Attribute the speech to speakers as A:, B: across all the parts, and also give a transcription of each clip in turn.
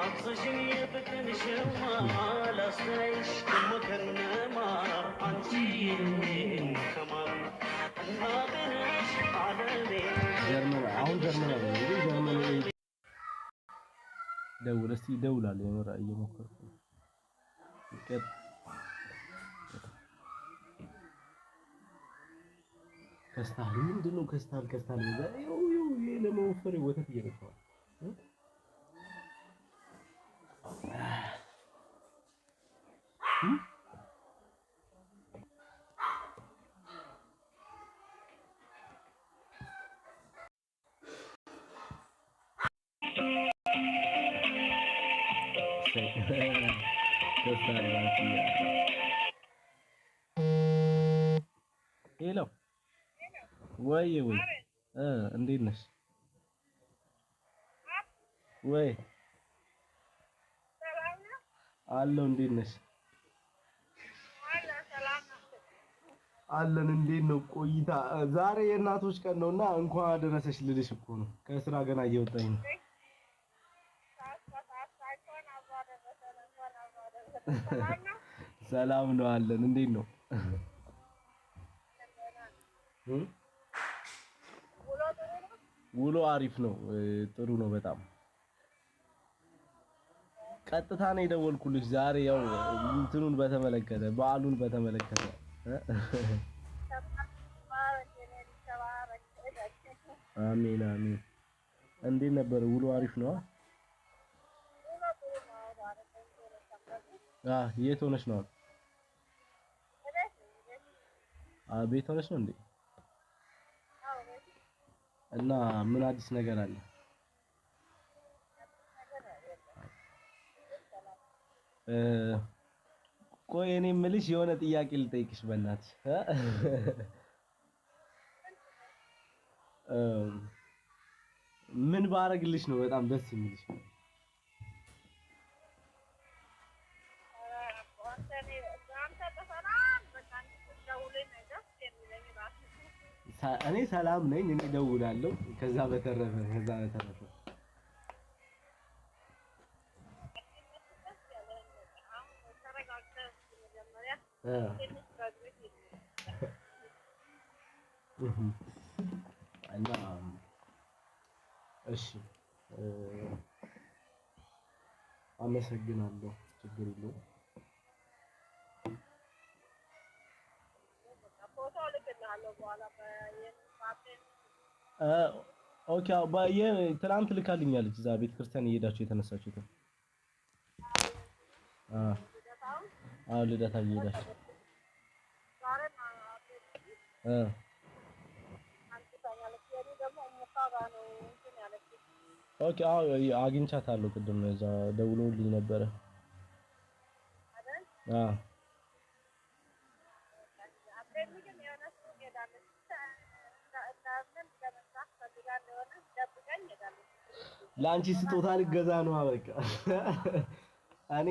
A: አሁን ጀርመን አለ
B: ደውል እስቲ ይደውላል። የምራ እየሞከርኩ ይቀጥ ከስታል ምንድነው? ከስታል ከስታል ለመወፈር ወተት እየረጨዋል ሄሎ ወይ ወይ እ እንዴት ነሽ? ወይ አለው እንዴት ነሽ? አለን። እንዴት ነው ቆይታ? ዛሬ የእናቶች ቀን ነው እና እንኳን አደረሰሽ ልልሽ እኮ ነው። ከስራ ገና እየወጣኝ ነው። ሰላም ነው አለን። እንዴት ነው ውሎ? አሪፍ ነው፣ ጥሩ ነው በጣም ቀጥታ ነው የደወልኩልሽ ዛሬ ያው እንትኑን በተመለከተ በዓሉን በተመለከተ አሜን አሜን። እንዴት ነበር ውሎ? አሪፍ ነው። አህ የት ሆነሽ ነው? ቤት ሆነሽ ነው እንዴ? እና ምን አዲስ ነገር አለ? ቆይ እኔ የምልሽ የሆነ ጥያቄ ልጠይቅሽ በእናትሽ ምን ባረግልሽ ነው በጣም ደስ የሚልሽ? እኔ ሰላም ነኝ። እኔ እደውላለሁ። ከዛ በተረፈ ከዛ በተረፈ እና እሺ አመሰግናለሁ። ችግር የለውም። ኦኬ አዎ፣ ትናንት ልካልኛለች። እዛ ቤተክርስቲያን እየሄዳችሁ የተነሳችሁት አሁን ልደታ እየሄዳች እ ኦኬ አዎ አግኝቻታለሁ። ቅድም እዛ ደውሎልኝ ነበረ። ለአንቺ ስጦታ ልገዛ ነው። በቃ እኔ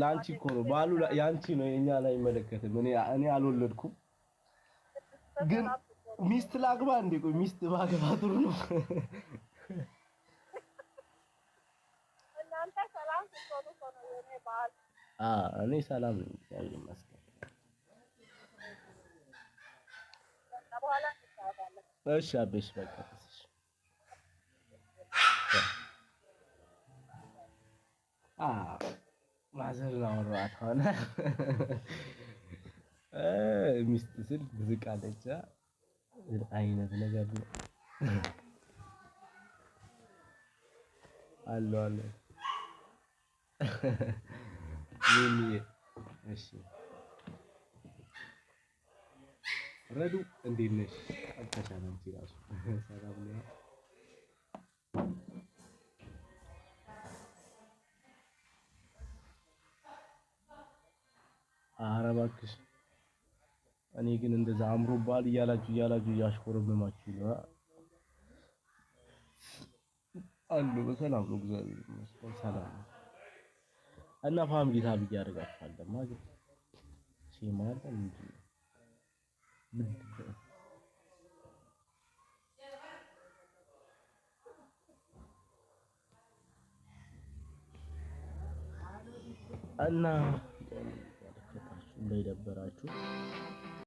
B: ለአንቺ እኮ ነው ባሉ የአንቺ ነው የኛ ላይ አይመለከትም። እኔ እኔ አልወለድኩም፣ ግን ሚስት ላግባ እንዴ? ቆይ ሚስት ባገባ ጥሩ ነው። እኔ ሰላም ነኝ እግዚአብሔር ይመስገን። እሺ አቤሽ በቃ አዎ ማዘር አወራኋት ሆነ ሚስት ስል ብዝቃለቻ አይነት ነገር ነው አለው አለ። እሺ ረዱ እንዴት ነሽ? እኔ ግን እንደዛ አምሮ አምሮባል እያላችሁ እያላችሁ እያሽኮረመማችሁ ነው። አሉ በሰላም ነው፣ እግዚአብሔር ይመስገን ሰላም ነው። እና ፋሚሊ ታብ እያደረጋችኋል ማለት ሲማ አለ እንዴ እና እንዳይደበራችሁ